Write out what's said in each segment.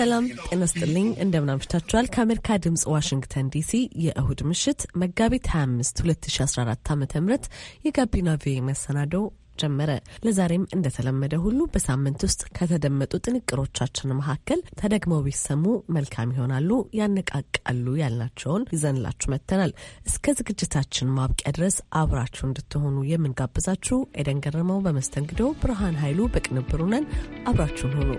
ሰላም ጤና ስጥልኝ። እንደምን አምሽታችኋል? ከአሜሪካ ድምፅ ዋሽንግተን ዲሲ የእሁድ ምሽት መጋቢት 25 2014 ዓ ም የጋቢና ቪ መሰናደው ጀመረ። ለዛሬም እንደተለመደ ሁሉ በሳምንት ውስጥ ከተደመጡ ጥንቅሮቻችን መካከል ተደግመው ቢሰሙ መልካም ይሆናሉ፣ ያነቃቃሉ ያልናቸውን ይዘንላችሁ መጥተናል። እስከ ዝግጅታችን ማብቂያ ድረስ አብራችሁ እንድትሆኑ የምንጋብዛችሁ ኤደን ገረመው በመስተንግዶ፣ ብርሃን ኃይሉ በቅንብሩ ነን። አብራችሁን ሁኑ።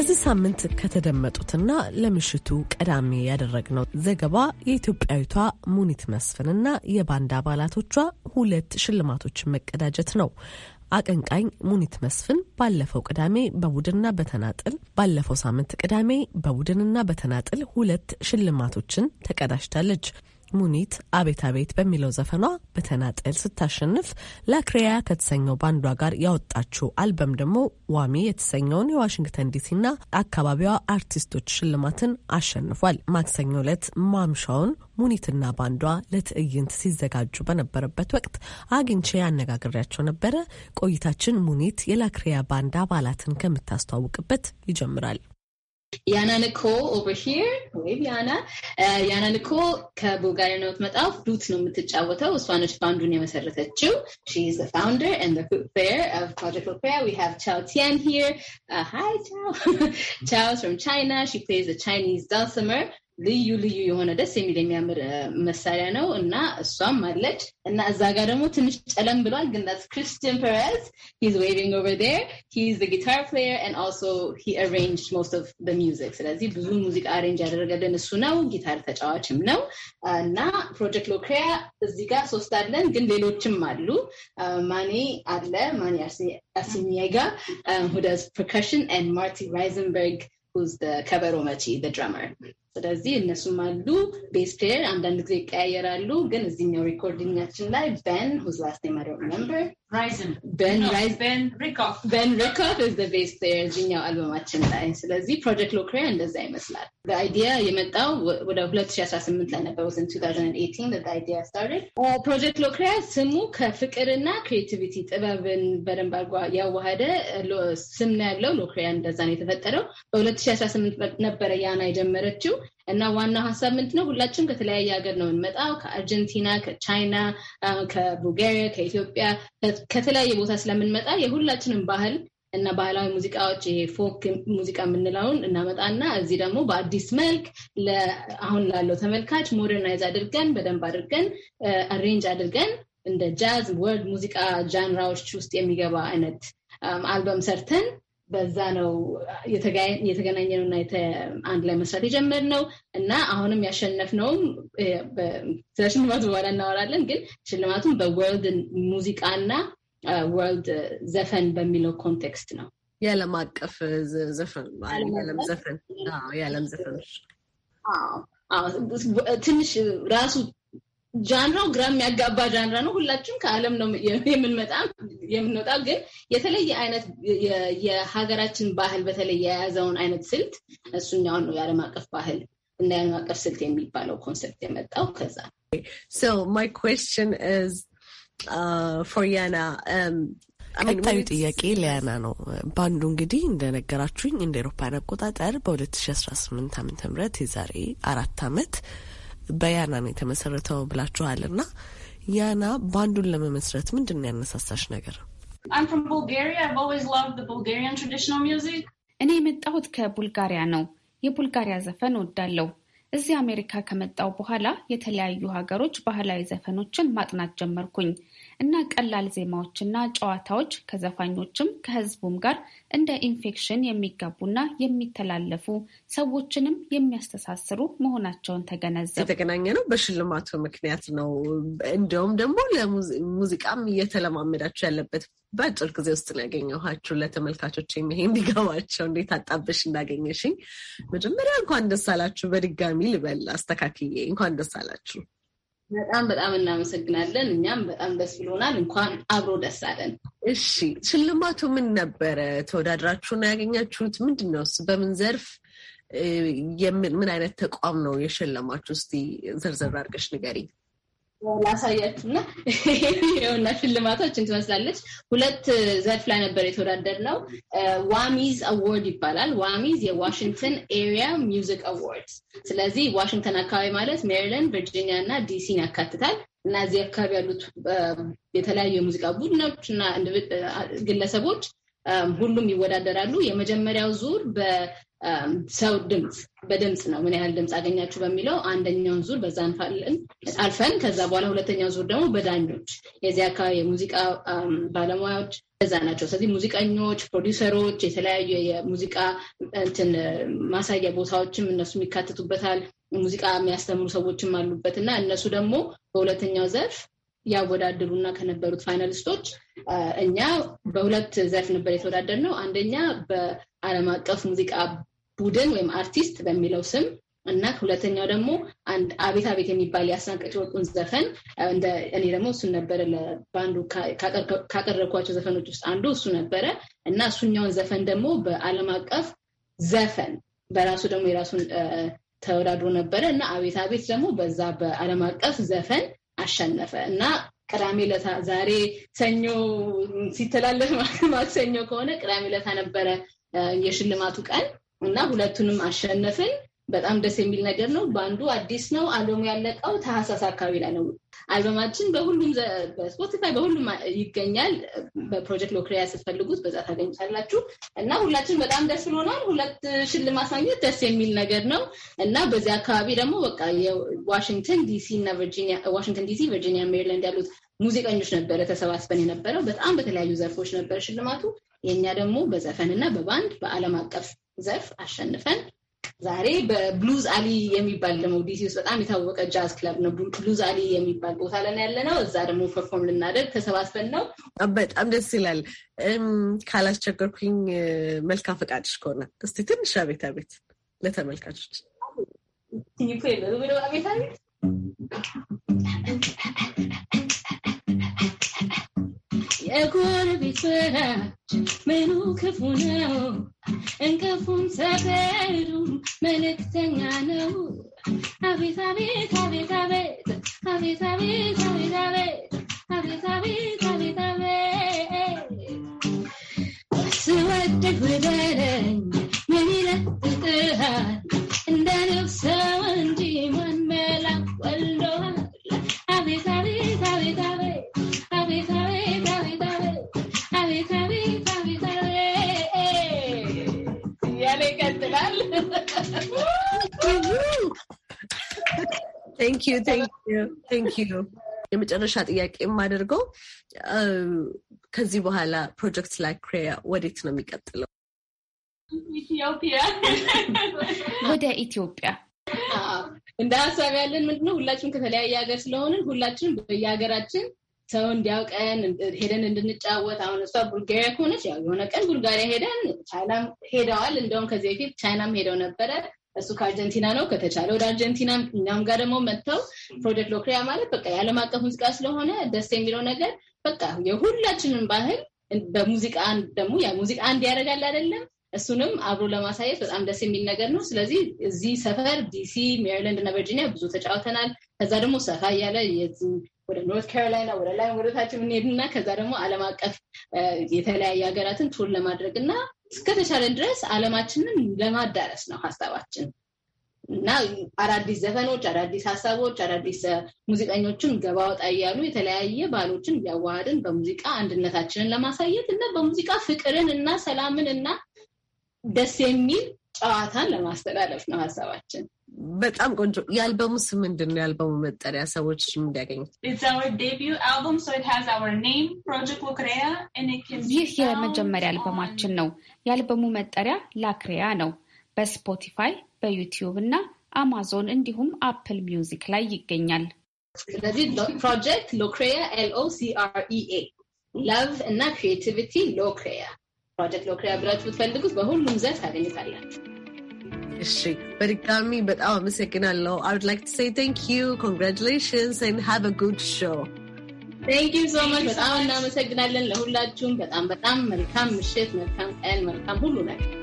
በዚህ ሳምንት ከተደመጡትና ለምሽቱ ቀዳሚ ያደረግነው ዘገባ የኢትዮጵያዊቷ ሙኒት መስፍንና የባንድ አባላቶቿ ሁለት ሽልማቶችን መቀዳጀት ነው። አቀንቃኝ ሙኒት መስፍን ባለፈው ቅዳሜ በቡድንና በተናጥል ባለፈው ሳምንት ቅዳሜ በቡድንና በተናጥል ሁለት ሽልማቶችን ተቀዳጅታለች። ሙኒት አቤት አቤት በሚለው ዘፈኗ በተናጠል ስታሸንፍ ላክሬያ ከተሰኘው ባንዷ ጋር ያወጣችው አልበም ደግሞ ዋሚ የተሰኘውን የዋሽንግተን ዲሲና አካባቢዋ አርቲስቶች ሽልማትን አሸንፏል። ማክሰኞ ዕለት ማምሻውን ሙኒትና ባንዷ ለትዕይንት ሲዘጋጁ በነበረበት ወቅት አግኝቼ ያነጋግሬያቸው ነበረ። ቆይታችን ሙኒት የላክሬያ ባንድ አባላትን ከምታስተዋውቅበት ይጀምራል። ያና ንኮል ኦቨር ሂር ወይም ያና ያና ንኮል ከቡልጋሪያ ነው የምትመጣው። ፍሉት ነው የምትጫወተው። እሷ ነች ባንዱን የመሰረተችው። ሺ ኢዝ ዘ ፋውንደር ኤንድ ዘ ፌር ኦፍ ፕሮጀክት ኦፔራ ዊ ሃቭ ቻው ቲያን ሂር ሃይ ቻው ቻው ፍሮም ቻይና ሺ ፕሌይዝ ዘ ቻይኒዝ ዳልሰመር ልዩ ልዩ የሆነ ደስ የሚል የሚያምር መሳሪያ ነው እና እሷም አለች እና እዛ ጋር ደግሞ ትንሽ ጨለም ብሏል ግን ስ ክርስቲያን ፐሬዝ ሂዝ ዌቪንግ ኦቨር ዴር ሂዝ ጊታር ፕሌየር ን አልሶ ሂ አሬንጅ ሞስት ኦፍ ሚዚክ ስለዚህ ብዙ ሙዚቃ አሬንጅ ያደረገልን እሱ ነው ጊታር ተጫዋችም ነው እና ፕሮጀክት ሎክሪያ እዚህ ጋር ሶስት አለን ግን ሌሎችም አሉ ማኔ አለ ማኔ አሲሚጋ ሁዳዝ ፐርከሽን ን ማርቲ ራይዘንበርግ who's the cabaret machi, the drummer. ስለዚህ እነሱም አሉ። ቤዝ ፔር አንዳንድ ጊዜ ይቀያየራሉ። ግን እዚህኛው ሪኮርዲንጋችን ላይ በን ሁዝ ላስት ኔም አይደው በን ሪኮፍ ዝ ዘ ቤዝ ፔር አልበማችን ላይ። ስለዚህ ፕሮጀክት ሎክሪያ እንደዛ ይመስላል። በአይዲያ የመጣው ወደ 2018 ላይ ነበር። ወስን 2018 አይዲያ ስታርትድ። ፕሮጀክት ሎክሪያ ስሙ ከፍቅርና ክሬቲቪቲ ጥበብን በደንብ አርጓ ያዋሃደ ስም ያለው። ሎክሪያ እንደዛ ነው የተፈጠረው። በ2018 ነበረ ያና የጀመረችው እና ዋናው ሀሳብ ምንድን ነው? ሁላችንም ከተለያየ ሀገር ነው የምንመጣው። ከአርጀንቲና፣ ከቻይና፣ ከቡልጋሪያ፣ ከኢትዮጵያ ከተለያየ ቦታ ስለምንመጣ የሁላችንም ባህል እና ባህላዊ ሙዚቃዎች ይሄ ፎክ ሙዚቃ የምንለውን እናመጣና እዚህ ደግሞ በአዲስ መልክ አሁን ላለው ተመልካች ሞደርናይዝ አድርገን በደንብ አድርገን አሬንጅ አድርገን እንደ ጃዝ ወርድ ሙዚቃ ጃንራዎች ውስጥ የሚገባ አይነት አልበም ሰርተን በዛ ነው የተገናኘ የተገናኘነውና አንድ ላይ መስራት ነው። እና አሁንም ያሸነፍ ስለ ሽልማቱ በኋላ እናወራለን። ግን ሽልማቱም በወርልድ ሙዚቃና ወርልድ ዘፈን በሚለው ኮንቴክስት ነው። የዓለም አቀፍ ዘፈን ዘፈን የዓለም ዘፈን ትንሽ ራሱ ጃንራው ግራ የሚያጋባ ጃንራ ነው። ሁላችንም ከዓለም ነው የምንመጣ የምንወጣ ግን የተለየ አይነት የሀገራችን ባህል በተለይ የያዘውን አይነት ስልት እሱኛውን ነው የዓለም አቀፍ ባህል እና የዓለም አቀፍ ስልት የሚባለው ኮንሰፕት የመጣው ከዛ ማይ ኮስችን ፎር ያና ቀጣዩ ጥያቄ ሊያና ነው። ባንዱ እንግዲህ እንደነገራችሁኝ እንደ ኤሮፓን አቆጣጠር በ2018 ዓ ም የዛሬ አራት ዓመት በያና ነው የተመሰረተው ብላችኋል እና ያና ባንዱን ለመመስረት ምንድን ነው ያነሳሳሽ ነገር? እኔ የመጣሁት ከቡልጋሪያ ነው። የቡልጋሪያ ዘፈን ወዳለው። እዚህ አሜሪካ ከመጣው በኋላ የተለያዩ ሀገሮች ባህላዊ ዘፈኖችን ማጥናት ጀመርኩኝ። እና ቀላል ዜማዎችና ጨዋታዎች ከዘፋኞችም ከህዝቡም ጋር እንደ ኢንፌክሽን የሚጋቡና የሚተላለፉ ሰዎችንም የሚያስተሳስሩ መሆናቸውን ተገነዘብ። የተገናኘ ነው በሽልማቱ ምክንያት ነው። እንዲሁም ደግሞ ለሙዚቃም እየተለማመዳቸው ያለበት በአጭር ጊዜ ውስጥ ነው ያገኘኋችሁ። ለተመልካቾች ይሄ እንዲገባቸው እንዴት አጣበሽ እንዳገኘሽኝ መጀመሪያ እንኳን ደስ አላችሁ በድጋሚ ልበል አስተካክዬ እንኳን ደስ አላችሁ። በጣም በጣም እናመሰግናለን። እኛም በጣም ደስ ብሎናል። እንኳን አብሮ ደስ አለን። እሺ፣ ሽልማቱ ምን ነበረ? ተወዳድራችሁና ያገኛችሁት ምንድን ነው? በምን ዘርፍ ምን አይነት ተቋም ነው የሸለማችሁ? እስቲ ዘርዘር አድርገሽ ንገሪኝ። ላሳያችሁ እና ይኸውና ሽልማቶችን ትመስላለች። ሁለት ዘርፍ ላይ ነበር የተወዳደር ነው። ዋሚዝ አዋርድ ይባላል። ዋሚዝ የዋሽንግተን ኤሪያ ሚውዚክ አዋርድ። ስለዚህ ዋሽንግተን አካባቢ ማለት ሜሪላንድ፣ ቨርጂኒያ እና ዲሲን ያካትታል እና እዚህ አካባቢ ያሉት የተለያዩ የሙዚቃ ቡድኖች እና ግለሰቦች ሁሉም ይወዳደራሉ። የመጀመሪያው ዙር ሰው ድምፅ በድምፅ ነው ምን ያህል ድምፅ አገኛችሁ በሚለው አንደኛውን ዙር በዛ አልፈን ከዛ በኋላ ሁለተኛው ዙር ደግሞ በዳኞች የዚህ አካባቢ የሙዚቃ ባለሙያዎች እዛ ናቸው። ስለዚህ ሙዚቀኞች፣ ፕሮዲውሰሮች፣ የተለያዩ የሙዚቃ እንትን ማሳያ ቦታዎችም እነሱ ይካተቱበታል። ሙዚቃ የሚያስተምሩ ሰዎችም አሉበት እና እነሱ ደግሞ በሁለተኛው ዘርፍ ያወዳድሩና ከነበሩት ፋይናሊስቶች እኛ በሁለት ዘርፍ ነበር የተወዳደር ነው። አንደኛ በዓለም አቀፍ ሙዚቃ ቡድን ወይም አርቲስት በሚለው ስም እና ሁለተኛው ደግሞ አንድ አቤት አቤት የሚባል የአስናቀጭ ወርቁን ዘፈን እኔ ደግሞ እሱን ነበረ ለባንዱ ካቀረብኳቸው ዘፈኖች ውስጥ አንዱ እሱ ነበረ እና እሱኛውን ዘፈን ደግሞ በዓለም አቀፍ ዘፈን በራሱ ደግሞ የራሱን ተወዳድሮ ነበረ እና አቤት አቤት ደግሞ በዛ በዓለም አቀፍ ዘፈን አሸነፈ እና ቅዳሜ ለታ ዛሬ ሰኞ ሲተላለፍ ማክሰኞ ከሆነ ቅዳሜ ለታ ነበረ የሽልማቱ ቀን እና ሁለቱንም አሸነፍን። በጣም ደስ የሚል ነገር ነው። በአንዱ አዲስ ነው አልበሙ ያለቀው ታህሳስ አካባቢ ላይ ነው። አልበማችን በሁሉም በስፖቲፋይ በሁሉም ይገኛል። በፕሮጀክት ሎክሪያ ስትፈልጉት በዛ ታገኙታላችሁ እና ሁላችን በጣም ደስ ብሎናል። ሁለት ሽልማት ማግኘት ደስ የሚል ነገር ነው እና በዚህ አካባቢ ደግሞ በቃ የዋሽንግተን ዲሲ እና ዋሽንግተን ዲሲ፣ ቨርጂኒያ፣ ሜሪላንድ ያሉት ሙዚቀኞች ነበረ ተሰባስበን የነበረው በጣም በተለያዩ ዘርፎች ነበረ ሽልማቱ የእኛ ደግሞ በዘፈን እና በባንድ በዓለም አቀፍ ዘርፍ አሸንፈን ዛሬ በብሉዝ አሊ የሚባል ደግሞ ዲሲ ውስጥ በጣም የታወቀ ጃዝ ክለብ ነው። ብሉዝ አሊ የሚባል ቦታ ላይ ያለ ነው። እዛ ደግሞ ፐርፎርም ልናደርግ ተሰባስበን ነው። በጣም ደስ ይላል። ካላስቸገርኩኝ መልካም ፈቃድሽ ከሆነ እስቲ ትንሽ አቤት አቤት ለተመልካቾች ቤት አቤት የጎረቤት ወዳጅ ምኑ ክፉ ነው? እንቅልፉም ሰፈሩም መልእክተኛ ነው። አቤት አቤት አቤት አቤት አቤት አቤት አቤት አቤት አቤት አቤት አቤት አቤት ስወድቅ ብደረኝ የሚለት ጥሃል እንደ ንብ ሰው እንጂ ማን መላ ወልዶሃል አቤት አቤት አቤት አቤት አቤት የመጨረሻ ጥያቄ የማደርገው ከዚህ በኋላ ፕሮጀክት ላይ ክሬያ ወዴት ነው የሚቀጥለው? ወደ ኢትዮጵያ እንደ ሀሳብ ያለን ምንድነው፣ ሁላችንም ከተለያየ ሀገር ስለሆንን ሁላችንም በየሀገራችን ሰው እንዲያውቀን ሄደን እንድንጫወት። አሁን እሷ ቡልጋሪያ ከሆነች ያው የሆነ ቀን ቡልጋሪያ ሄደን ቻይናም ሄደዋል። እንደውም ከዚህ በፊት ቻይናም ሄደው ነበረ። እሱ ከአርጀንቲና ነው። ከተቻለ ወደ አርጀንቲና እኛም ጋር ደግሞ መጥተው ፕሮጀክት ሎክሪያ ማለት በቃ የዓለም አቀፍ ሙዚቃ ስለሆነ ደስ የሚለው ነገር በቃ የሁላችንም ባህል በሙዚቃ ደግሞ ያ ሙዚቃ አንድ ያደርጋል አይደለም። እሱንም አብሮ ለማሳየት በጣም ደስ የሚል ነገር ነው። ስለዚህ እዚህ ሰፈር ዲሲ፣ ሜሪላንድ እና ቨርጂኒያ ብዙ ተጫውተናል። ከዛ ደግሞ ሰፋ እያለ ወደ ኖርት ካሮላይና ወደ ላይ ወደታችን የምንሄድና ከዛ ደግሞ ዓለም አቀፍ የተለያየ ሀገራትን ቱር ለማድረግ እና እስከተቻለን ድረስ ዓለማችንን ለማዳረስ ነው ሀሳባችን እና አዳዲስ ዘፈኖች፣ አዳዲስ ሀሳቦች፣ አዳዲስ ሙዚቀኞችን ገባ ወጣ እያሉ የተለያየ ባህሎችን እያዋሃድን በሙዚቃ አንድነታችንን ለማሳየት እና በሙዚቃ ፍቅርን እና ሰላምን እና ደስ የሚል ጨዋታን ለማስተላለፍ ነው ሀሳባችን። በጣም ቆንጆ። የአልበሙ ስም ምንድን ነው? የአልበሙ መጠሪያ ሰዎች እንዲያገኙት። ይህ የመጀመሪያ አልበማችን ነው። የአልበሙ መጠሪያ ላክሬያ ነው። በስፖቲፋይ በዩቲዩብ እና አማዞን እንዲሁም አፕል ሚውዚክ ላይ ይገኛል። ስለዚህ ፕሮጀክት ሎክሬያ ኤልኦሲአርኢኤ ላቭ እና ክሪኤቲቪቲ ሎክሬያ ፕሮጀክት ሎክሬያ ብላችሁ ብትፈልጉት በሁሉም ዘርፍ ታገኙታላችሁ። እሺ በድጋሚ በጣም አመሰግናለሁ። I would like to say thank you, congratulations and have a good show. Thank you so much. በጣም እናመሰግናለን ለሁላችሁም። በጣም በጣም መልካም ምሽት፣ መልካም ቀን፣ መልካም ሁሉ ነገር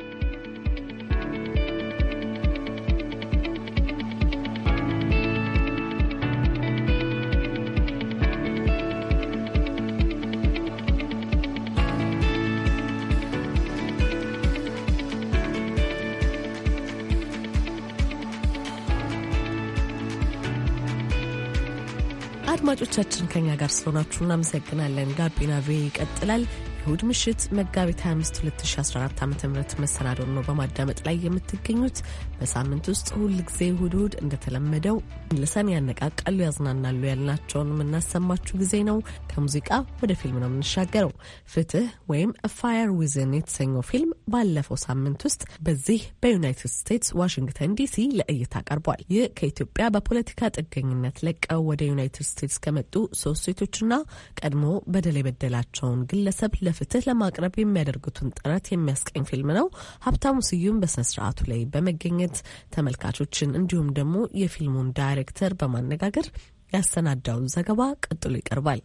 አድማጮቻችን ከኛ ጋር ስለሆናችሁ እናመሰግናለን። ጋቢና ቪ ይቀጥላል። እሁድ ምሽት መጋቢት 25 2014 ዓ ም መሰናዶን ነው በማዳመጥ ላይ የምትገኙት። በሳምንት ውስጥ ሁል ጊዜ እሁድ እሁድ እንደተለመደው ልሰን ያነቃቃሉ፣ ያዝናናሉ ያልናቸውን የምናሰማችሁ ጊዜ ነው። ከሙዚቃ ወደ ፊልም ነው የምንሻገረው። ፍትህ ወይም ፋየር ዊዝን የተሰኘው ፊልም ባለፈው ሳምንት ውስጥ በዚህ በዩናይትድ ስቴትስ ዋሽንግተን ዲሲ ለእይታ ቀርቧል። ይህ ከኢትዮጵያ በፖለቲካ ጥገኝነት ለቀው ወደ ዩናይትድ ስቴትስ ከመጡ ሶስት ሴቶችና ቀድሞ በደል የበደላቸውን ግለሰብ ለፍትህ ለማቅረብ የሚያደርጉትን ጥረት የሚያስቀኝ ፊልም ነው። ሀብታሙ ስዩም በስነ ስርዓቱ ላይ በመገኘት ተመልካቾችን እንዲሁም ደግሞ የፊልሙን ዳይሬክተር በማነጋገር ያሰናዳውን ዘገባ ቀጥሎ ይቀርባል።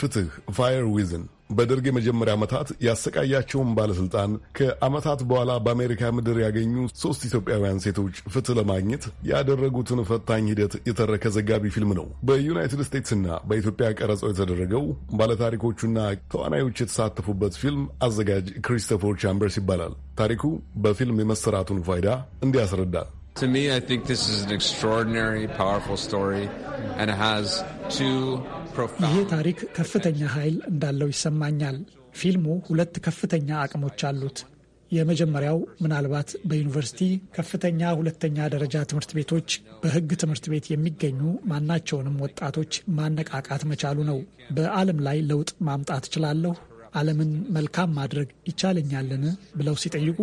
ፍትህ ፋየር ዊዝን በደርግ የመጀመሪያ ዓመታት ያሰቃያቸውን ባለሥልጣን ከዓመታት በኋላ በአሜሪካ ምድር ያገኙ ሦስት ኢትዮጵያውያን ሴቶች ፍትህ ለማግኘት ያደረጉትን ፈታኝ ሂደት የተረከ ዘጋቢ ፊልም ነው። በዩናይትድ ስቴትስና በኢትዮጵያ ቀረጸው የተደረገው ባለታሪኮቹና ተዋናዮች የተሳተፉበት ፊልም አዘጋጅ ክሪስቶፈር ቻምበርስ ይባላል። ታሪኩ በፊልም የመሰራቱን ፋይዳ እንዲያስረዳል። To me, I think this is an extraordinary, powerful story, and it has two ይሄ ታሪክ ከፍተኛ ኃይል እንዳለው ይሰማኛል። ፊልሙ ሁለት ከፍተኛ አቅሞች አሉት። የመጀመሪያው ምናልባት በዩኒቨርሲቲ ከፍተኛ ሁለተኛ ደረጃ ትምህርት ቤቶች በሕግ ትምህርት ቤት የሚገኙ ማናቸውንም ወጣቶች ማነቃቃት መቻሉ ነው። በዓለም ላይ ለውጥ ማምጣት እችላለሁ፣ ዓለምን መልካም ማድረግ ይቻለኛልን ብለው ሲጠይቁ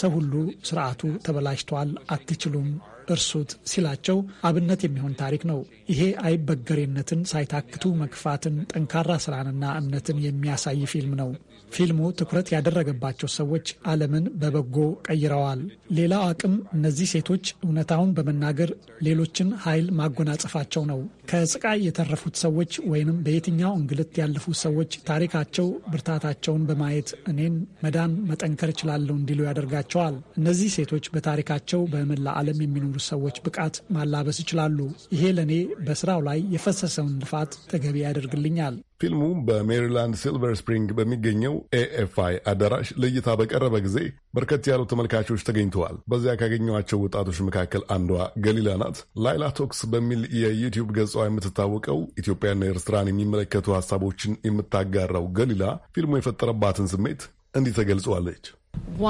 ሰው ሁሉ ስርዓቱ ተበላሽቷል፣ አትችሉም እርሱት ሲላቸው አብነት የሚሆን ታሪክ ነው። ይሄ አይበገሬነትን፣ ሳይታክቱ መግፋትን፣ ጠንካራ ስራንና እምነትን የሚያሳይ ፊልም ነው። ፊልሙ ትኩረት ያደረገባቸው ሰዎች ዓለምን በበጎ ቀይረዋል። ሌላው አቅም እነዚህ ሴቶች እውነታውን በመናገር ሌሎችን ኃይል ማጎናጸፋቸው ነው። ከስቃይ የተረፉት ሰዎች ወይንም በየትኛው እንግልት ያለፉ ሰዎች ታሪካቸው ብርታታቸውን በማየት እኔን መዳን መጠንከር እችላለሁ እንዲሉ ያደርጋቸዋል። እነዚህ ሴቶች በታሪካቸው በመላ ዓለም የሚኖሩ ያሉት ሰዎች ብቃት ማላበስ ይችላሉ። ይሄ ለእኔ በስራው ላይ የፈሰሰውን ልፋት ተገቢ ያደርግልኛል። ፊልሙ በሜሪላንድ ሲልቨር ስፕሪንግ በሚገኘው ኤኤፍአይ አዳራሽ ለእይታ በቀረበ ጊዜ በርከት ያሉ ተመልካቾች ተገኝተዋል። በዚያ ካገኘኋቸው ወጣቶች መካከል አንዷ ገሊላ ናት። ላይላ ቶክስ በሚል የዩቲዩብ ገጿ የምትታወቀው ኢትዮጵያና ኤርትራን የሚመለከቱ ሀሳቦችን የምታጋራው ገሊላ ፊልሙ የፈጠረባትን ስሜት እንዲህ ተገልጸዋለች።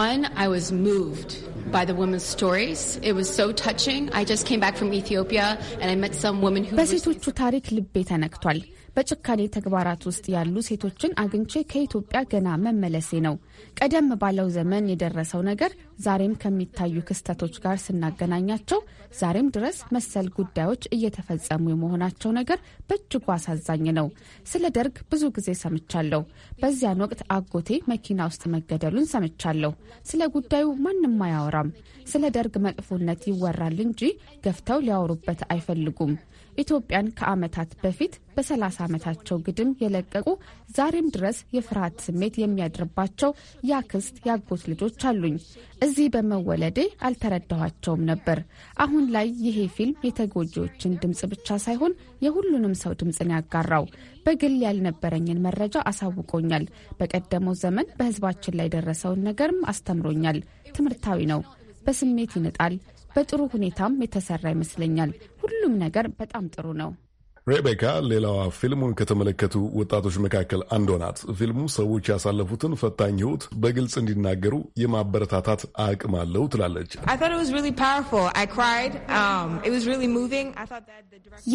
One, I was moved by the women's stories. It was so touching. I just came back from Ethiopia and I met some women who በሴቶቹ ታሪክ ልቤ ተነክቷል። በጭካኔ ተግባራት ውስጥ ያሉ ሴቶችን አግኝቼ ከኢትዮጵያ ገና መመለሴ ነው። ቀደም ባለው ዘመን የደረሰው ነገር ዛሬም ከሚታዩ ክስተቶች ጋር ስናገናኛቸው ዛሬም ድረስ መሰል ጉዳዮች እየተፈጸሙ የመሆናቸው ነገር በእጅጉ አሳዛኝ ነው። ስለ ደርግ ብዙ ጊዜ ሰምቻለሁ። በዚያን ወቅት አጎቴ መኪና ውስጥ መገደሉን ሰምቻለሁ። ስለ ጉዳዩ ማንም አያወራም። ስለ ደርግ መጥፎነት ይወራል እንጂ ገፍተው ሊያወሩበት አይፈልጉም። ኢትዮጵያን ከዓመታት በፊት በሰላሳ ዓመታቸው ግድም የለቀቁ ዛሬም ድረስ የፍርሃት ስሜት የሚያድርባቸው ያክስት የአጎት ልጆች አሉኝ። እዚህ በመወለዴ አልተረዳኋቸውም ነበር። አሁን ላይ ይሄ ፊልም የተጎጂዎችን ድምፅ ብቻ ሳይሆን የሁሉንም ሰው ድምፅን ያጋራው በግል ያልነበረኝን መረጃ አሳውቆኛል። በቀደመው ዘመን በህዝባችን ላይ ደረሰውን ነገርም አስተምሮኛል። ትምህርታዊ ነው። በስሜት ይንጣል። በጥሩ ሁኔታም የተሰራ ይመስለኛል። ሁሉም ነገር በጣም ጥሩ ነው። ሬቤካ ሌላዋ ፊልሙን ከተመለከቱ ወጣቶች መካከል አንዷ ናት። ፊልሙ ሰዎች ያሳለፉትን ፈታኝ ሕይወት በግልጽ እንዲናገሩ የማበረታታት አቅም አለው ትላለች። um,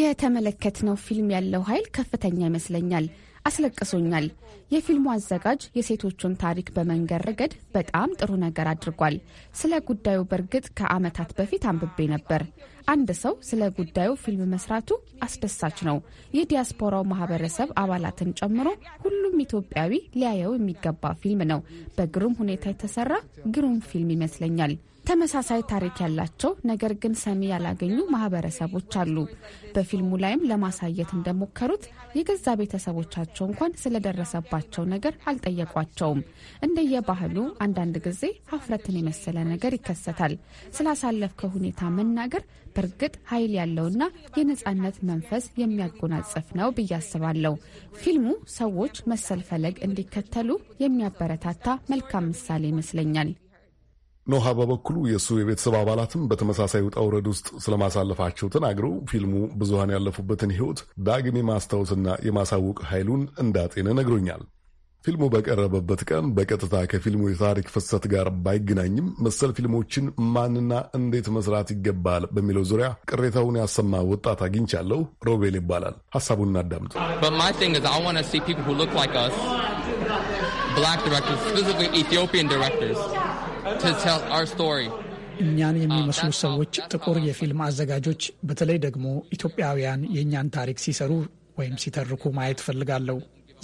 የተመለከትነው ፊልም ያለው ኃይል ከፍተኛ ይመስለኛል። አስለቅሶኛል። የፊልሙ አዘጋጅ የሴቶቹን ታሪክ በመንገድ ረገድ በጣም ጥሩ ነገር አድርጓል። ስለ ጉዳዩ በእርግጥ ከዓመታት በፊት አንብቤ ነበር። አንድ ሰው ስለ ጉዳዩ ፊልም መስራቱ አስደሳች ነው። የዲያስፖራው ማህበረሰብ አባላትን ጨምሮ ሁሉም ኢትዮጵያዊ ሊያየው የሚገባ ፊልም ነው። በግሩም ሁኔታ የተሰራ ግሩም ፊልም ይመስለኛል። ተመሳሳይ ታሪክ ያላቸው ነገር ግን ሰሚ ያላገኙ ማህበረሰቦች አሉ። በፊልሙ ላይም ለማሳየት እንደሞከሩት የገዛ ቤተሰቦቻቸው እንኳን ስለደረሰባቸው ነገር አልጠየቋቸውም። እንደየባህሉ አንዳንድ ጊዜ ሀፍረትን የመሰለ ነገር ይከሰታል። ስላሳለፍከው ሁኔታ መናገር በእርግጥ ኃይል ያለውና የነጻነት መንፈስ የሚያጎናጽፍ ነው ብዬ አስባለሁ። ፊልሙ ሰዎች መሰል ፈለግ እንዲከተሉ የሚያበረታታ መልካም ምሳሌ ይመስለኛል። ኖሃ በበኩሉ የእሱ የቤተሰብ አባላትም በተመሳሳይ ውጣ ውረድ ውስጥ ስለማሳለፋቸው ተናግረው ፊልሙ ብዙሃን ያለፉበትን ሕይወት ዳግም የማስታወስና የማሳወቅ ኃይሉን እንዳጤነ ነግሮኛል። ፊልሙ በቀረበበት ቀን በቀጥታ ከፊልሙ የታሪክ ፍሰት ጋር ባይገናኝም መሰል ፊልሞችን ማንና እንዴት መስራት ይገባል በሚለው ዙሪያ ቅሬታውን ያሰማ ወጣት አግኝቻለሁ። ሮቤል ይባላል። ሀሳቡን እናዳምጡ። ብላክ ዲሬክተርስ ስፔሲፊካሊ ኢትዮጵያን ዲሬክተርስ እኛን um, የሚመስሉ ሰዎች ጥቁር የፊልም አዘጋጆች፣ በተለይ ደግሞ ኢትዮጵያውያን የእኛን ታሪክ ሲሰሩ ወይም ሲተርኩ ማየት እፈልጋለሁ።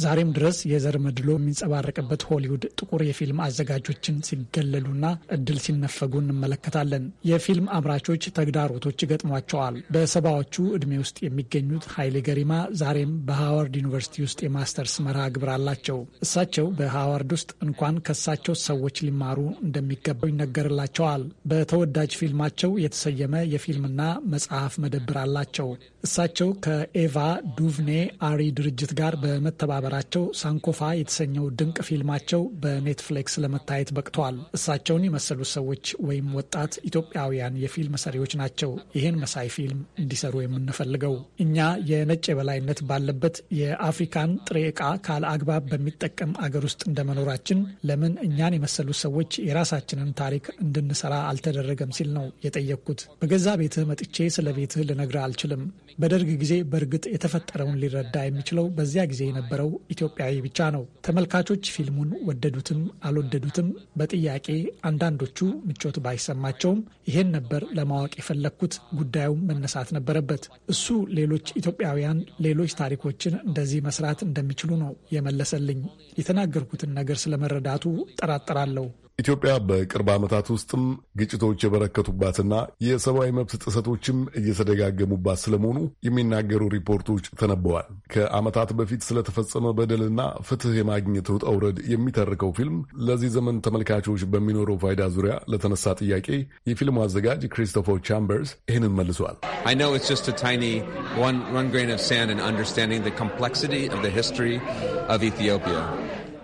ዛሬም ድረስ የዘር መድሎ የሚንጸባረቅበት ሆሊውድ ጥቁር የፊልም አዘጋጆችን ሲገለሉና እድል ሲነፈጉ እንመለከታለን። የፊልም አምራቾች ተግዳሮቶች ይገጥሟቸዋል። በሰባዎቹ ዕድሜ ውስጥ የሚገኙት ኃይሌ ገሪማ ዛሬም በሃዋርድ ዩኒቨርሲቲ ውስጥ የማስተርስ መርሃ ግብር አላቸው። እሳቸው በሃዋርድ ውስጥ እንኳን ከሳቸው ሰዎች ሊማሩ እንደሚገባው ይነገርላቸዋል። በተወዳጅ ፊልማቸው የተሰየመ የፊልምና መጽሐፍ መደብር አላቸው። እሳቸው ከኤቫ ዱቭኔ አሪ ድርጅት ጋር በመተባበራቸው ሳንኮፋ የተሰኘው ድንቅ ፊልማቸው በኔትፍሊክስ ለመታየት በቅተዋል። እሳቸውን የመሰሉት ሰዎች ወይም ወጣት ኢትዮጵያውያን የፊልም ሰሪዎች ናቸው ይህን መሳይ ፊልም እንዲሰሩ የምንፈልገው። እኛ የነጭ የበላይነት ባለበት የአፍሪካን ጥሬ ዕቃ ካለ አግባብ በሚጠቀም አገር ውስጥ እንደመኖራችን ለምን እኛን የመሰሉት ሰዎች የራሳችንን ታሪክ እንድንሰራ አልተደረገም ሲል ነው የጠየቅኩት። በገዛ ቤትህ መጥቼ ስለ ቤትህ ልነግርህ አልችልም። በደርግ ጊዜ በእርግጥ የተፈጠረውን ሊረዳ የሚችለው በዚያ ጊዜ የነበረው ኢትዮጵያዊ ብቻ ነው። ተመልካቾች ፊልሙን ወደዱትም አልወደዱትም በጥያቄ አንዳንዶቹ ምቾት ባይሰማቸውም ይሄን ነበር ለማወቅ የፈለግኩት። ጉዳዩ መነሳት ነበረበት። እሱ ሌሎች ኢትዮጵያውያን ሌሎች ታሪኮችን እንደዚህ መስራት እንደሚችሉ ነው የመለሰልኝ። የተናገርኩትን ነገር ስለመረዳቱ ጠራጠራለሁ። ኢትዮጵያ በቅርብ ዓመታት ውስጥም ግጭቶች የበረከቱባትና የሰብአዊ መብት ጥሰቶችም እየተደጋገሙባት ስለመሆኑ የሚናገሩ ሪፖርቶች ተነበዋል። ከዓመታት በፊት ስለተፈጸመ በደልና ፍትህ የማግኘት ውጠውረድ የሚተርከው ፊልም ለዚህ ዘመን ተመልካቾች በሚኖረው ፋይዳ ዙሪያ ለተነሳ ጥያቄ የፊልሙ አዘጋጅ ክሪስቶፈር ቻምበርስ ይህንን መልሷል።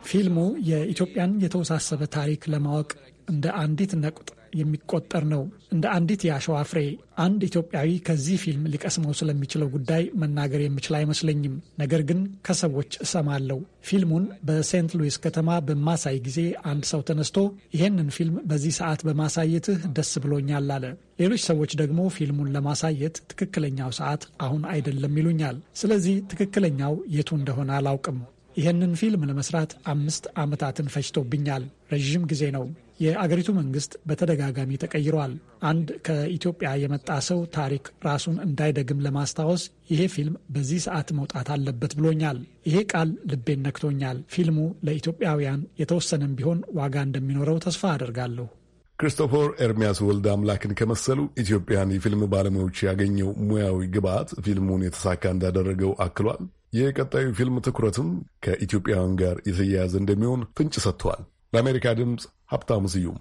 ፊልሙ የኢትዮጵያን የተወሳሰበ ታሪክ ለማወቅ እንደ አንዲት ነቁጥ የሚቆጠር ነው። እንደ አንዲት የአሸዋ ፍሬ አንድ ኢትዮጵያዊ ከዚህ ፊልም ሊቀስመው ስለሚችለው ጉዳይ መናገር የምችል አይመስለኝም። ነገር ግን ከሰዎች እሰማለሁ። ፊልሙን በሴንት ሉዊስ ከተማ በማሳይ ጊዜ አንድ ሰው ተነስቶ ይሄንን ፊልም በዚህ ሰዓት በማሳየትህ ደስ ብሎኛል አለ። ሌሎች ሰዎች ደግሞ ፊልሙን ለማሳየት ትክክለኛው ሰዓት አሁን አይደለም ይሉኛል። ስለዚህ ትክክለኛው የቱ እንደሆነ አላውቅም። ይህንን ፊልም ለመስራት አምስት ዓመታትን ፈጅቶብኛል። ረዥም ጊዜ ነው። የአገሪቱ መንግስት በተደጋጋሚ ተቀይሯል። አንድ ከኢትዮጵያ የመጣ ሰው ታሪክ ራሱን እንዳይደግም ለማስታወስ ይሄ ፊልም በዚህ ሰዓት መውጣት አለበት ብሎኛል። ይሄ ቃል ልቤን ነክቶኛል። ፊልሙ ለኢትዮጵያውያን የተወሰነም ቢሆን ዋጋ እንደሚኖረው ተስፋ አደርጋለሁ። ክሪስቶፈር ኤርሚያስ ወልደ አምላክን ከመሰሉ ኢትዮጵያን የፊልም ባለሙያዎች ያገኘው ሙያዊ ግብዓት ፊልሙን የተሳካ እንዳደረገው አክሏል። የቀጣዩ ፊልም ትኩረትም ከኢትዮጵያውያን ጋር የተያያዘ እንደሚሆን ፍንጭ ሰጥቷል። ለአሜሪካ ድምፅ ሀብታሙ ስዩም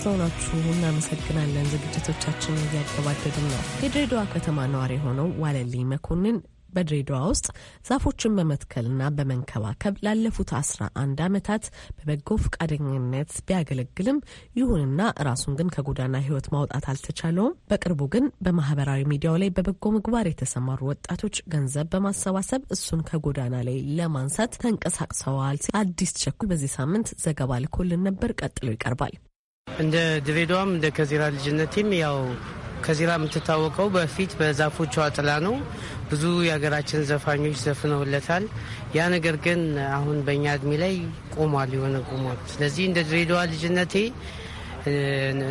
ስለሆናችሁ እናመሰግናለን። ዝግጅቶቻችንን እያገባደድን ነው። የድሬዳዋ ከተማ ነዋሪ የሆነው ዋለልኝ መኮንን በድሬዳዋ ውስጥ ዛፎችን በመትከልና በመንከባከብ ላለፉት አስራ አንድ ዓመታት በበጎ ፈቃደኝነት ቢያገለግልም ይሁንና ራሱን ግን ከጎዳና ሕይወት ማውጣት አልተቻለውም። በቅርቡ ግን በማህበራዊ ሚዲያው ላይ በበጎ ምግባር የተሰማሩ ወጣቶች ገንዘብ በማሰባሰብ እሱን ከጎዳና ላይ ለማንሳት ተንቀሳቅሰዋል ሲል አዲስ ቸኩል በዚህ ሳምንት ዘገባ ልኮልን ነበር። ቀጥሎ ይቀርባል። እንደ ድሬዳዋም እንደ ከዚራ ልጅነቴም ያው ከዚራ የምትታወቀው በፊት በዛፎቿ ጥላ ነው። ብዙ የሀገራችን ዘፋኞች ዘፍነውለታል። ያ ነገር ግን አሁን በእኛ እድሜ ላይ ቆሟል፣ የሆነ ቆሟል። ስለዚህ እንደ ድሬዳዋ ልጅነቴ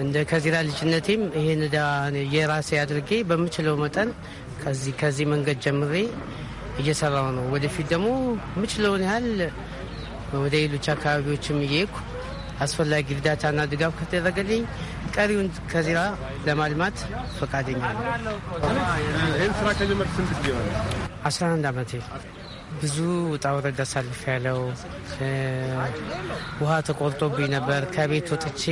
እንደ ከዚራ ልጅነቴም ይሄን እዳ የራሴ አድርጌ በምችለው መጠን ከዚህ ከዚህ መንገድ ጀምሬ እየሰራው ነው። ወደፊት ደግሞ ምችለውን ያህል ወደ ሌሎች አካባቢዎችም እየሄድኩ አስፈላጊ እርዳታና ድጋፍ ከተደረገልኝ ቀሪውን ከዚራ ለማልማት ፈቃደኛ ነው። ይህን ስራ ስንት ጊዜ ሆነ? አስራ አንድ አመቴ ብዙ ውጣ ውረድ አሳልፍ ያለው ውሃ ተቆርጦብኝ ነበር። ከቤት ወጥቼ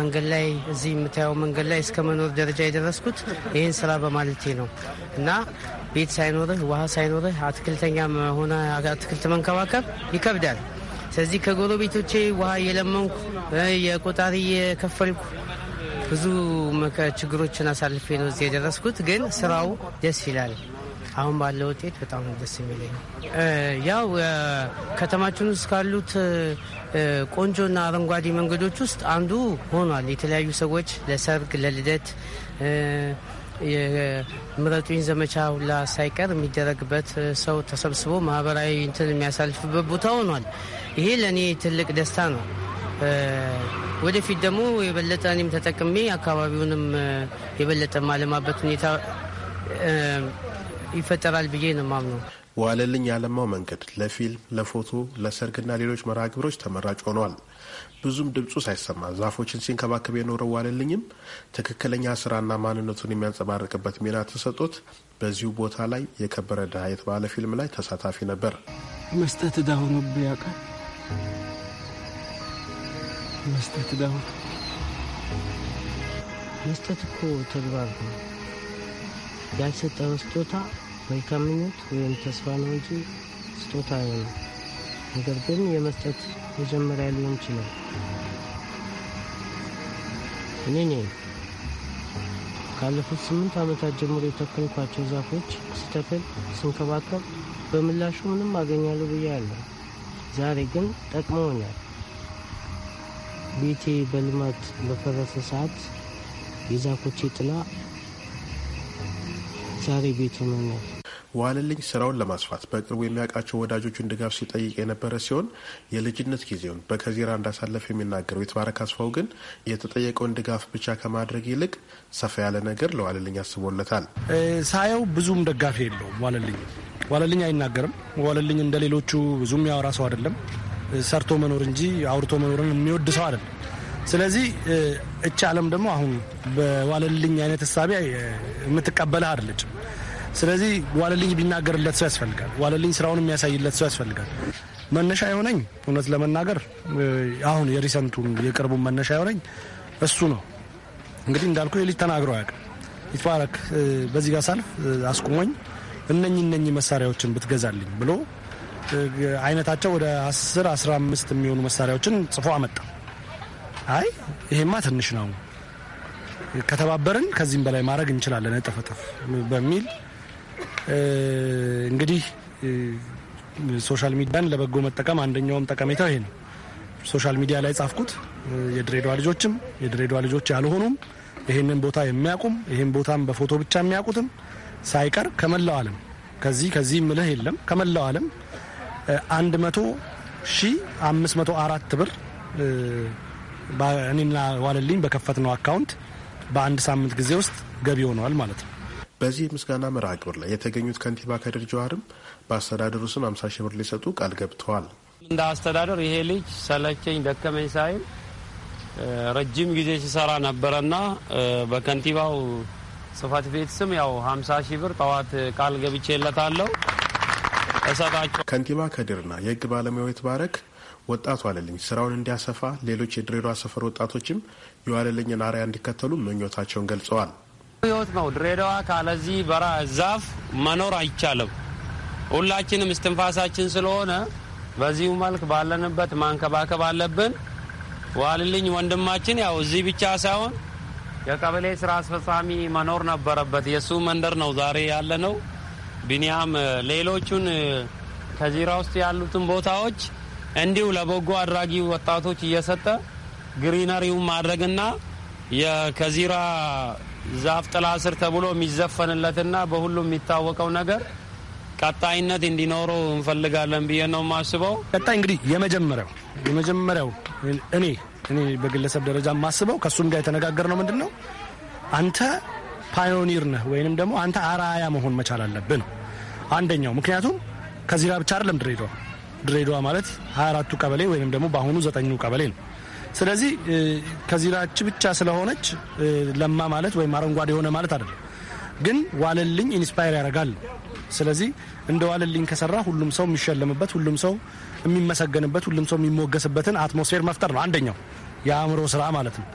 መንገድ ላይ እዚህ የምታየው መንገድ ላይ እስከ መኖር ደረጃ የደረስኩት ይህን ስራ በማለቴ ነው እና ቤት ሳይኖርህ ውሃ ሳይኖርህ አትክልተኛ ሆነ አትክልት መንከባከብ ይከብዳል። ስለዚህ ከጎረቤቶቼ ውሃ እየለመንኩ የቆጣሪ እየከፈልኩ ብዙ ችግሮችን አሳልፌ ነው እዚህ የደረስኩት። ግን ስራው ደስ ይላል። አሁን ባለው ውጤት በጣም ደስ የሚለኝ ያው ከተማችን ውስጥ ካሉት ቆንጆና አረንጓዴ መንገዶች ውስጥ አንዱ ሆኗል። የተለያዩ ሰዎች ለሰርግ፣ ለልደት የምረጡኝ ዘመቻ ሁላ ሳይቀር የሚደረግበት ሰው ተሰብስቦ ማህበራዊ እንትን የሚያሳልፍበት ቦታ ሆኗል። ይሄ ለእኔ ትልቅ ደስታ ነው። ወደፊት ደግሞ የበለጠ እኔም ተጠቅሜ አካባቢውንም የበለጠ ማለማበት ሁኔታ ይፈጠራል ብዬ ነው የማምነው። ዋለልኝ ያለማው መንገድ ለፊልም፣ ለፎቶ፣ ለሰርግና ሌሎች መርሃ ግብሮች ተመራጭ ሆነዋል። ብዙም ድምፁ ሳይሰማ ዛፎችን ሲንከባከብ የኖረው ዋለልኝም ትክክለኛ ስራና ማንነቱን የሚያንጸባርቅበት ሚና ተሰጦት በዚሁ ቦታ ላይ የከበረ ድሃ የተባለ ፊልም ላይ ተሳታፊ ነበር። መስጠት ዳሁኑ ሆኖብኝ መስጠት ደግሞ መስጠት እኮ ተግባር ነው። ያልሰጠው ስጦታ ወይ ከምኞት ወይም ተስፋ ነው እንጂ ስጦታ ነው። ነገር ግን የመስጠት መጀመሪያ ሊሆን ይችላል። እኔ ነኝ ካለፉት ስምንት ዓመታት ጀምሮ የተከልኳቸው ዛፎች ስተክል ስንከባከብ፣ በምላሹ ምንም አገኛለሁ ብዬ አለሁ ዛሬ ግን ጠቅሞኛል። ቤቴ በልማት በፈረሰ ሰዓት የዛፎቼ ጥላ ዛሬ ቤት ሆኖኛል። ዋለልኝ ስራውን ለማስፋት በቅርቡ የሚያውቃቸው ወዳጆቹን ድጋፍ ሲጠይቅ የነበረ ሲሆን የልጅነት ጊዜውን በከዜራ እንዳሳለፍ የሚናገረው የተባረክ አስፋው ግን የተጠየቀውን ድጋፍ ብቻ ከማድረግ ይልቅ ሰፋ ያለ ነገር ለዋለልኝ አስቦለታል። ሳየው ብዙም ደጋፊ የለውም ዋለልኝ ዋለልኝ አይናገርም። ዋለልኝ እንደ ሌሎቹ ብዙም ያወራ ሰው አይደለም። ሰርቶ መኖር እንጂ አውርቶ መኖርን የሚወድ ሰው አይደለም። ስለዚህ እች ዓለም ደግሞ አሁን በዋለልኝ አይነት እሳቤ የምትቀበለህ አይደለችም። ስለዚህ ዋለልኝ ቢናገርለት ሰው ያስፈልጋል። ዋለልኝ ስራውን የሚያሳይለት ሰው ያስፈልጋል። መነሻ የሆነኝ እውነት ለመናገር አሁን የሪሰንቱን የቅርቡ መነሻ የሆነኝ እሱ ነው። እንግዲህ እንዳልኩ የልጅ ተናግረው ያውቅ ይትባረክ በዚህ ጋር ሳልፍ አስቁሞኝ እነኝ እነኝ መሳሪያዎችን ብትገዛልኝ ብሎ አይነታቸው ወደ 10 15 የሚሆኑ መሳሪያዎችን ጽፎ አመጣ። አይ ይሄማ ትንሽ ነው ከተባበርን ከዚህም በላይ ማድረግ እንችላለን፣ እጥፍ እጥፍ በሚል እንግዲህ ሶሻል ሚዲያን ለበጎ መጠቀም አንደኛውም ጠቀሜታ ይሄ ነው። ሶሻል ሚዲያ ላይ ጻፍኩት። የድሬዳዋ ልጆችም የድሬዳዋ ልጆች ያልሆኑም ይህንን ቦታ የሚያውቁም ይህን ቦታም በፎቶ ብቻ የሚያውቁትም ሳይቀር ከመላው ዓለም ከዚህ ከዚህ ምልህ የለም ከመላው ዓለም አንድ መቶ ሺ አምስት መቶ አራት ብር እኔና ዋለልኝ በከፈት ነው አካውንት በአንድ ሳምንት ጊዜ ውስጥ ገቢ ሆነዋል ማለት ነው። በዚህ የምስጋና መርሃ ግብር ላይ የተገኙት ከንቲባ ከድር ጀዋርም በአስተዳደሩ ስም አምሳ ሺህ ብር ሊሰጡ ቃል ገብተዋል። እንደ አስተዳደር ይሄ ልጅ ሰለቸኝ ደከመኝ ሳይል ረጅም ጊዜ ሲሰራ ነበረና በከንቲባው ጽህፈት ቤት ስም ያው ሀምሳ ሺህ ብር ጠዋት ቃል ገብቼለታለሁ እሰጣቸው። ከንቲባ ከድርና የህግ ባለሙያው የተባረክ ወጣቱ አለልኝ ስራውን እንዲያሰፋ ሌሎች የድሬዳዋ ሰፈር ወጣቶችም የዋለልኝን አርአያ እንዲከተሉ ምኞታቸውን ገልጸዋል። ህይወት ነው። ድሬዳዋ ካለዚህ በራ ዛፍ መኖር አይቻልም። ሁላችንም እስትንፋሳችን ስለሆነ በዚሁ መልክ ባለንበት ማንከባከብ አለብን። ዋልልኝ ወንድማችን ያው እዚህ ብቻ ሳይሆን የቀበሌ ስራ አስፈጻሚ መኖር ነበረበት። የእሱ መንደር ነው ዛሬ ያለ ነው። ቢኒያም ሌሎቹን ከዚራ ውስጥ ያሉትን ቦታዎች እንዲሁ ለበጎ አድራጊ ወጣቶች እየሰጠ ግሪነሪውን ማድረግና የከዚራ ዛፍ ጥላ ስር ተብሎ የሚዘፈንለትና በሁሉም የሚታወቀው ነገር ቀጣይነት እንዲኖረው እንፈልጋለን ብዬ ነው የማስበው። ቀጣይ እንግዲህ የመጀመሪያው የመጀመሪያው እኔ እኔ በግለሰብ ደረጃ የማስበው ከእሱም ጋር የተነጋገር ነው ምንድን ነው አንተ ፓዮኒር ነህ ወይንም ደግሞ አንተ አራያ መሆን መቻል አለብህ ነው አንደኛው። ምክንያቱም ከዚራ ብቻ አይደለም ድሬዳዋ ድሬዳዋ ማለት 24ቱ ቀበሌ ወይንም ደግሞ በአሁኑ ዘጠኙ ቀበሌ ነው ስለዚህ ከዚራች ብቻ ስለሆነች ለማ ማለት ወይም አረንጓዴ የሆነ ማለት አይደለም። ግን ዋለልኝ ኢንስፓየር ያደርጋል። ስለዚህ እንደ ዋለልኝ ከሰራ ሁሉም ሰው የሚሸለምበት፣ ሁሉም ሰው የሚመሰገንበት፣ ሁሉም ሰው የሚሞገስበትን አትሞስፌር መፍጠር ነው አንደኛው የአእምሮ ስራ ማለት ነው።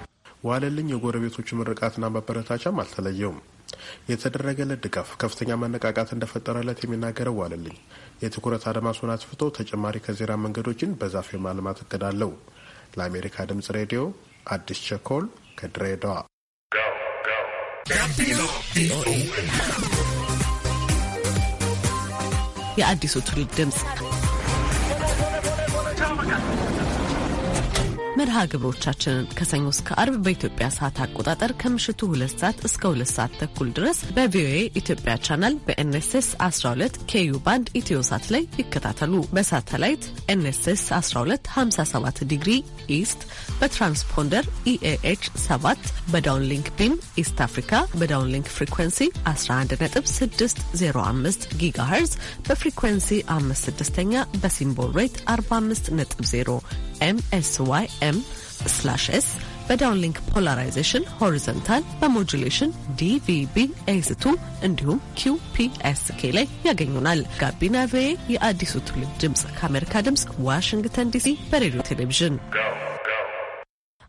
ዋለልኝ የጎረቤቶቹ ምርቃትና ማበረታቻም አልተለየውም። የተደረገለት ድጋፍ ከፍተኛ መነቃቃት እንደፈጠረለት የሚናገረው ዋለልኝ የትኩረት አድማሱን አስፍቶ ተጨማሪ ከዜራ መንገዶችን በዛፍ የማልማት እቅድ አለው። ለአሜሪካ ድምጽ ሬዲዮ አዲስ ቸኮል ከድሬዳዋ። የአዲሱ ትውልድ ድምፅ መርሃ ግብሮቻችንን ከሰኞ እስከ አርብ በኢትዮጵያ ሰዓት አቆጣጠር ከምሽቱ ሁለት ሰዓት እስከ ሁለት ሰዓት ተኩል ድረስ በቪኦኤ ኢትዮጵያ ቻናል በኤንኤስኤስ 12 ኬዩ ባንድ ኢትዮሳት ላይ ይከታተሉ። በሳተላይት ኤንኤስኤስ 1257 ዲግሪ ኢስት፣ በትራንስፖንደር ኢኤኤች 7 በዳውንሊንክ ቢም ኢስት አፍሪካ በዳውንሊንክ ፍሪኩንሲ 11605 ጊጋ ሄርዝ በፍሪኩንሲ 56ኛ በሲምቦል ሬት 45.0 ኤምኤስዋይ ኤም ስላሽ ኤስ በዳውንሊንክ ፖላራይዜሽን ሆሪዞንታል በሞጁሌሽን ዲቪቢ ኤስ2 እንዲሁም ኪውፒኤስኬ ላይ ያገኙናል። ጋቢና ቪኦኤ የአዲሱ ትውልድ ድምፅ ከአሜሪካ ድምፅ ዋሽንግተን ዲሲ በሬዲዮ ቴሌቪዥን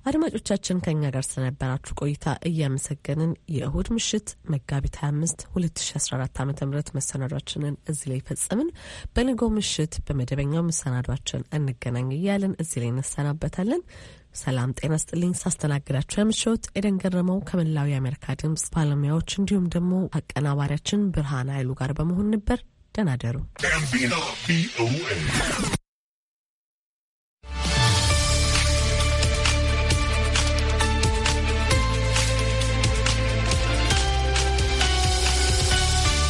አድማጮቻችን ከኛ ጋር ስለነበራችሁ ቆይታ እያመሰገንን የእሁድ ምሽት መጋቢት 25 2014 ዓ ም መሰናዷችንን እዚህ ላይ ፈጸምን። በንጋው ምሽት በመደበኛው መሰናዷችን እንገናኝ እያለን እዚህ ላይ እንሰናበታለን። ሰላም ጤና ስጥልኝ። ሳስተናግዳችሁ የምሽት ኤደን ገረመው ከመላው የአሜሪካ ድምፅ ባለሙያዎች እንዲሁም ደግሞ አቀናባሪያችን ብርሃን ኃይሉ ጋር በመሆን ነበር። ደናደሩ ደሩ።